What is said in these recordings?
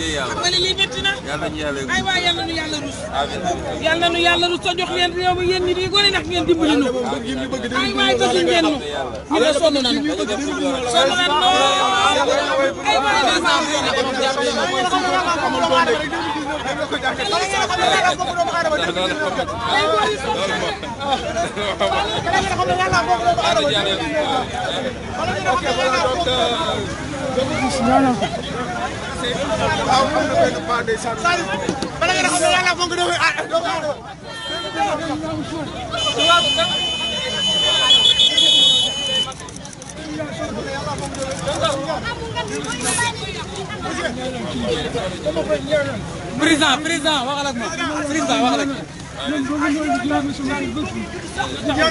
xam nga ne lii métti na ay waay yal na nu yàlla rus yal na nu yàlla rus ta jox leen réew mi yéen ñi di gone ndax ngeen dimbali nu ay waay tasuñ ngeen nu ñu ne sonn nañu sonn nañu ay waay na ay waay na waaw am na benn pas de sànni. bala nga xam ne yàlla foog nga président président waxal ak ma président waxal ak ma amiin amiin amiin amiin. yow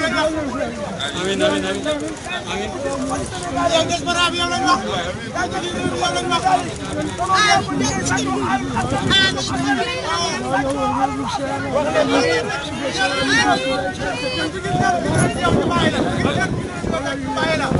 des ba raab yow lañ wax. yow lañ wax. ah.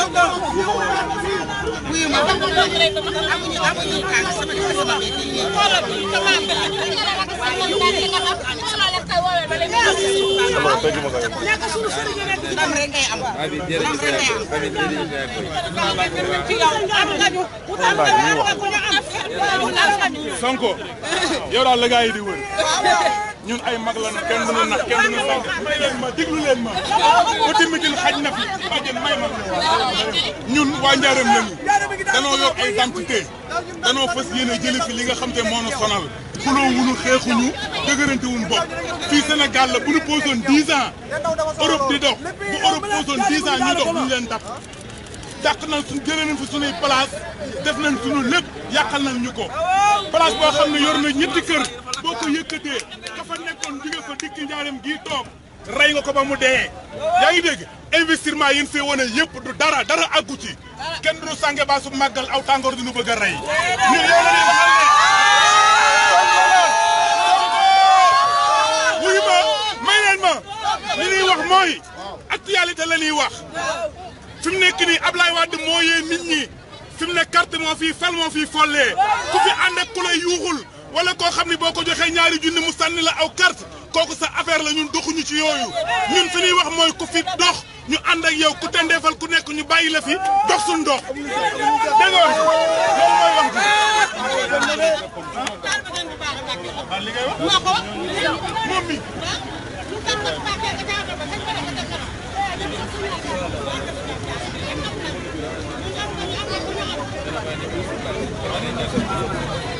wuyu ma amuñu amuñu kaay sama sama bi di ñëw. waaye yow di wër. ñun ay mag la na kenn du ñu nax kenn du ñu nax leen ma ma côté Médine xaj na fi bàjjen may ma ñun waa Njaareem lañu danoo yor ay identité danoo fas yéene jëlee fi li nga xam te moo nu sonal xuloo wuñu xeexuñu dëgërante wuñu bopp fii Sénégal la bu ñu posoon 10 ans Europe di dox bu Europe posoon 10 ans ñu dox ñu leen dàq dàq nañ suñ jëlee nañ fi suñuy place def nañ suñu lépp yàqal nañ ñu ko place boo xam ne yor na ñetti kër boo ko yëkkatee ka fa nekkoon jóge fa dikk njaareem gii toog rey nga ko ba mu dee. yaa ngi dégg investissement yi ñu fee wane yëpp du dara dara àggu ci kenn du sànge baa su màggal aw tàngoor du ñu bëgg rey. ñun yow la ñuy waxal ma may leen ma li ñuy wax mooy actualité la ñuy wax fi mu nekk nii Ablaye Wade moo yee nit ñi fi mu ne carte moo fii fel moo fii follee ku fi ànd ak ku yuuxul. wala koo xam ni boo ko joxee ñaari junni mu sànni la aw carte kooku sa affaire la ñun doxuñu ci yooyu ñun fi ñuy wax mooy ku fi dox ñu ànd ak yow ku tendeefal ku nekk ñu bàyyi la fi dox suñ dox dégg nga loolu mooy wax bi moom mi Thank you.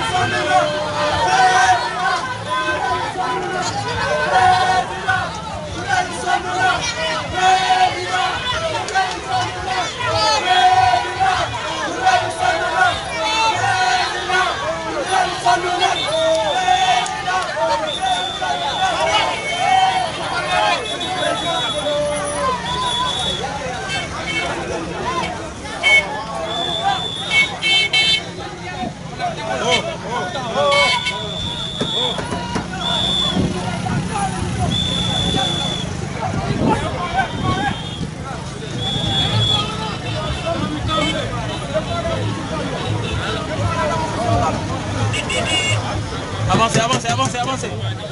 Hadi আছে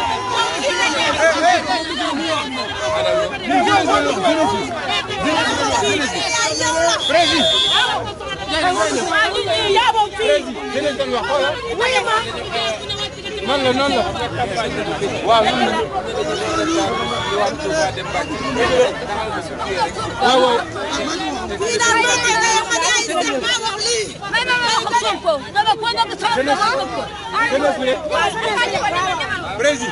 man la noonu la waaw noonu la waaw waaw. président.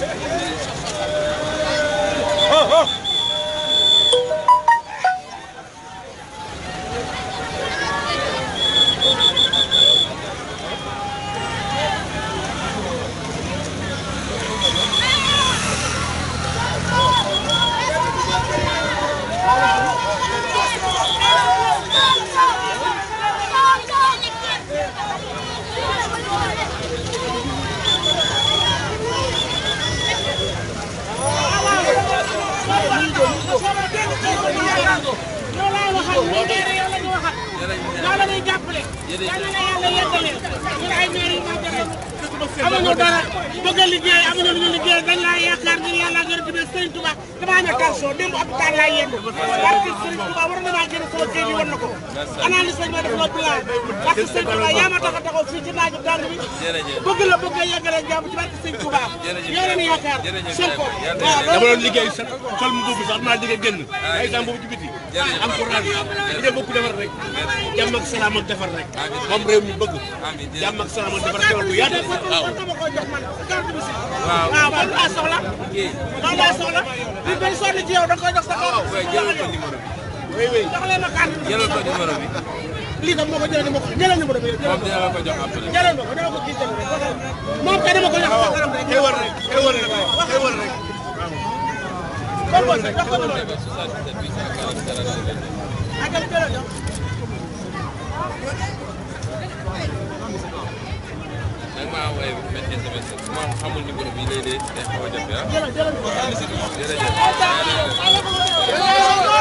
Yeah. ñaan a que sëñ Touba yaa ma tax a taxaw fii ci naaju tàng bi bëgg la bëgg a yeggale jàmm ci barke sëñ Touba yoo leen yaakaar seen ko waaw dama doon liggéey sa sol mu boobu sax maa liggéey génn ay temps boobu ci biti am ko raadu li nga bëgg defar rek jàmm ak rek moom réew mi bëgg jàmm ak salaam ak defar si waaw da nga koy jox sa kaw oui oui jox leen ma carte bi lii tam moo ko jëlee moo ko jëlee na ma doon jëlee ko jox après. jëlee ma ko dama ko kii tamit rek moom kay dama ko jox sa kanam rek. xewal rek xewal rek xewal rek. waaw. kon wax ko loolu rek. ak ak jëlee jox. nag maa woowee benn SMS maa xamul numéro bi léeg-léeg day xaw a jafe ah. jërëjëf jërëjëf jërëjëf.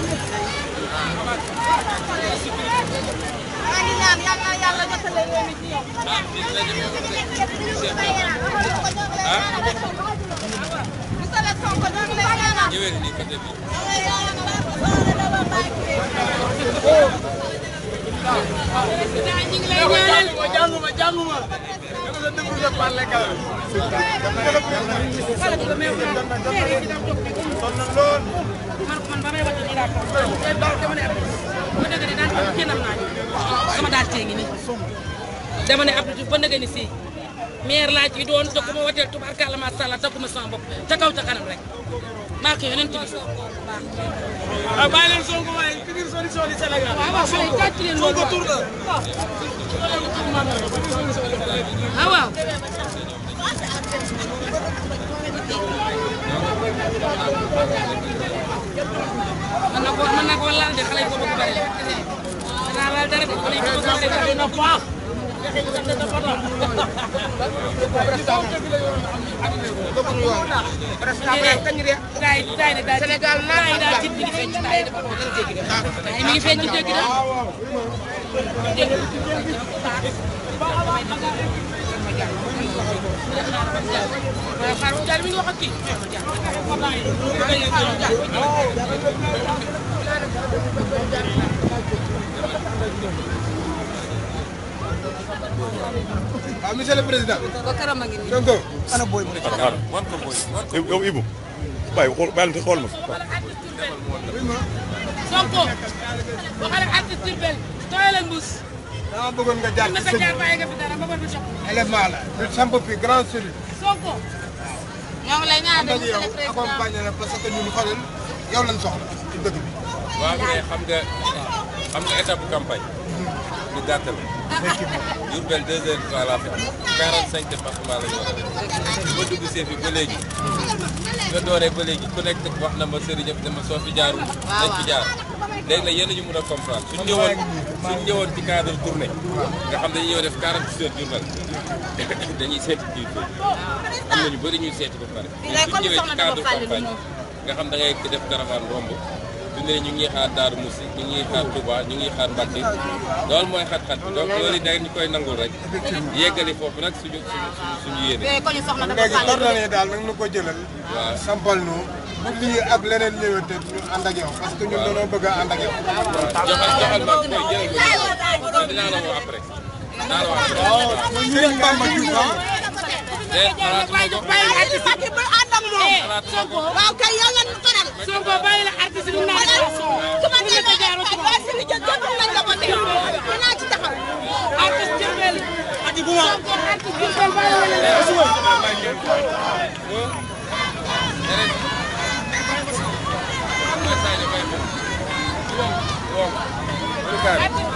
maa ngi ñaan yal na yàlla jotale réew mi ci yow. ah. sama daal tee ngi nii dama ne Abdou Diouf ba ni sii maire laa ci doon te ku ma wateel tubaarkàlla maa sha Allah takkuma sama bopp kaw ca kanam rek maa ko yonent bi waaw bàyyi leen Sonko waaye ci biir solution di Sénégal waaw xale yi tàcc leen mën na koo mën na koo laal de xale yi boobu bu bari danaa laal dara de xale yi boobu bu bari na faax Sénégal naa daal ci mi ngi feeñ ci daay dafa mi ngi feeñ ci jéggi daal waaw ah, monsieur le président. ba karam a ngi nii. donc. ana booy mu ne. man ko booy. yow Ibou. bàyyi xool bàyyi te xool ma. Sonko. waxal ak artiste Diourbel. tooyal ak mbuus. dama bëggoon nga jaar ci sëñ bi élément la du samp fi grand sori. Sonko. ñoo ngi lay ñaanal monsieur le président accompagné la parce que ñun soxla ci dëkk bi. waaw xam nga xam nga étape campagne. du gàttal. effectivement Diourbel deux heures trois la fa am. quarante cinq département la a def. dëgg ma dugg see ba léegi. nga dooree ba léegi ku wax na ma sëriñ ñëpp ma soo fi jaarul. waaw dañ fi jaar léegi nag yéen a ñu mën a comprendre. suñ ñëwoon suñ ñëwoon ci cadre tournée. nga xam dañuy ñëw def quarante huit heures Diourbel. dañuy seeti kii bi am na ñu bëri ñuy seeti ba pare. mais suñ ñëwee ci cadre campagne nga xam da ngay def caravane romb. fi ne ñu ngi xaar Darou Moussi ñu ngi xaar Touba ñu ngi xaar Mbacké loolu mooy xat-xat bi donc loolu da ngeen koy nangul rek yeggali foofu nag suñu suñu suñu yéene. léegi ordonné daal nag nu ko jëlal. waaw sampal bu lii ak leneen ñëwante ñu ànd ak yow parce que ñun dañoo bëgg a ak yow. joxal joxal ma koy jëlal ko la woo après. dinaa Sonko bàyyi la artiste bi naan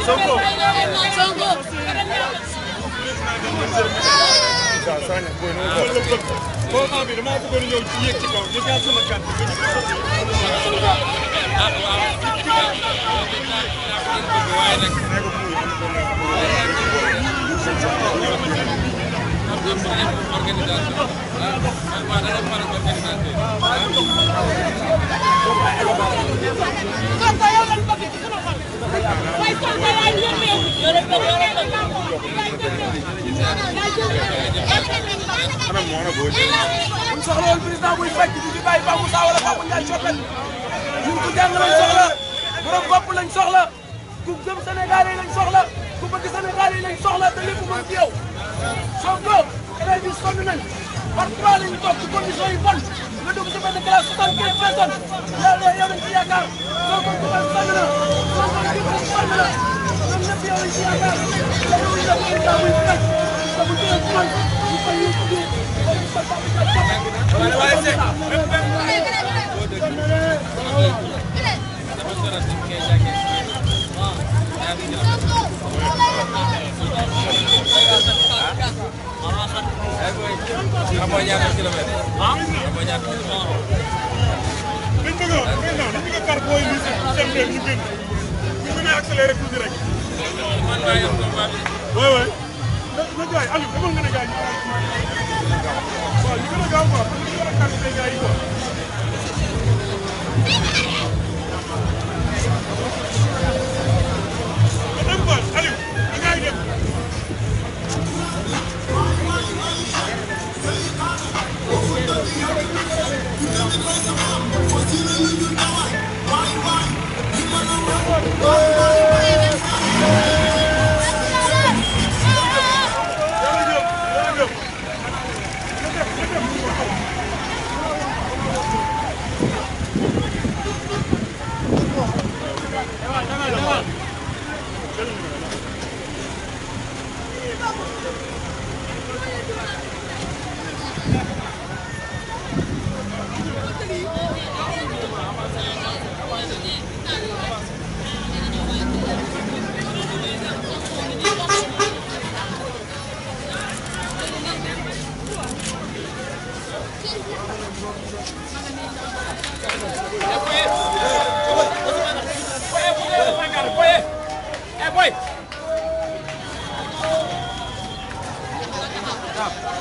Sonko Sonko programme bi damaa bëggoon ñëw ci yéeg ci kaw ñu gàtt sama kàtt bi ñu ko waaye nag wax loolu président buy fekk di ci bàyyi Pape Moussa wala Pape Ndiaye Sopet ñun ku jàng lañ soxla borom bopp lañ soxla ku gëm Sénégal yi lañ soxla ku bëgg Sénégal yi lañ soxla te lépp mën ci yow Sonko élèves yi sonn nañ par trois lañ toog ci condition yi bon nga dugg ci benn classe soixante-quinze personnes yàlla yow lañ ci yaakaar Sonko ku bëgg sonn na Sonko ku bëgg sonn na ñoom ñëpp yow lañ ci yaakaar te yow lañ def président waaw waaw. Calma, faz o que ela tá pegando aí, pô.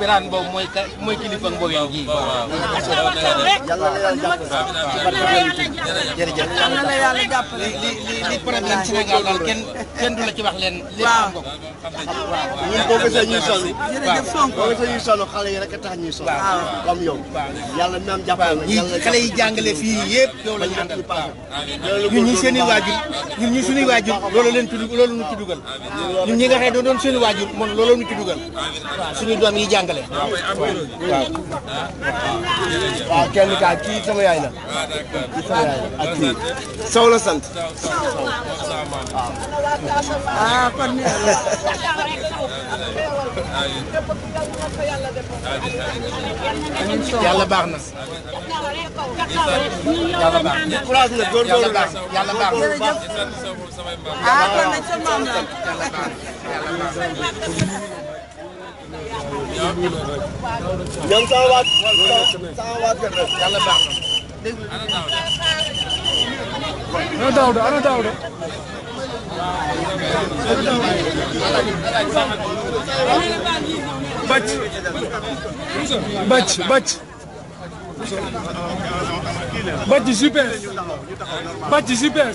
Birane Mbow mooy ka mooy kilifa Mbow yi ji. waaw yàlla na yàlla jàppale. jërëjëf yàlla na yàlla jàppale. li li li problème Sénégal daal kenn kenn la ci wax leen lépp xam nga ko waaw ñun boo yi rek a tax ñuy yow yàlla naam jàppal ñi xale yi jàngale fii yëpp yow la àndal ñun ñi seen i waajur ñun ñi suñuy waajur loolu leen tudd ñu ci dugal ñun ñi nga xam ne seen i waajur moom loolu ñu ci suñu doom yi jàngale waaw waaw yaay la kii sant ah kon. yàlla baax na. yàlla baax na. yàlla baax na yàlla baax na. ah kon nag sa maam la. ñoom sama waa sama waa kër rek yàlla baax na. dégg nga. ana Daouda ana Daouda. Bac bac bac bac super bac super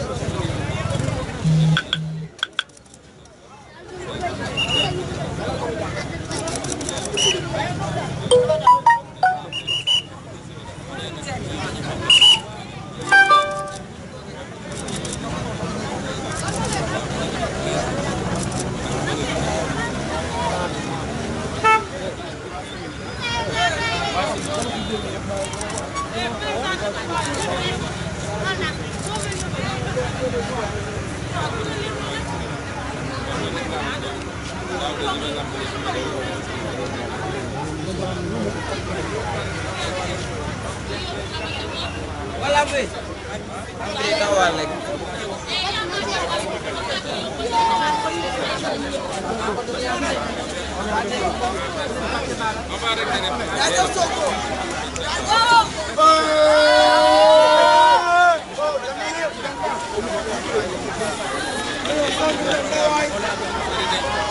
Wala mo eh. Ang tinawan like. That's so cool. Let's go.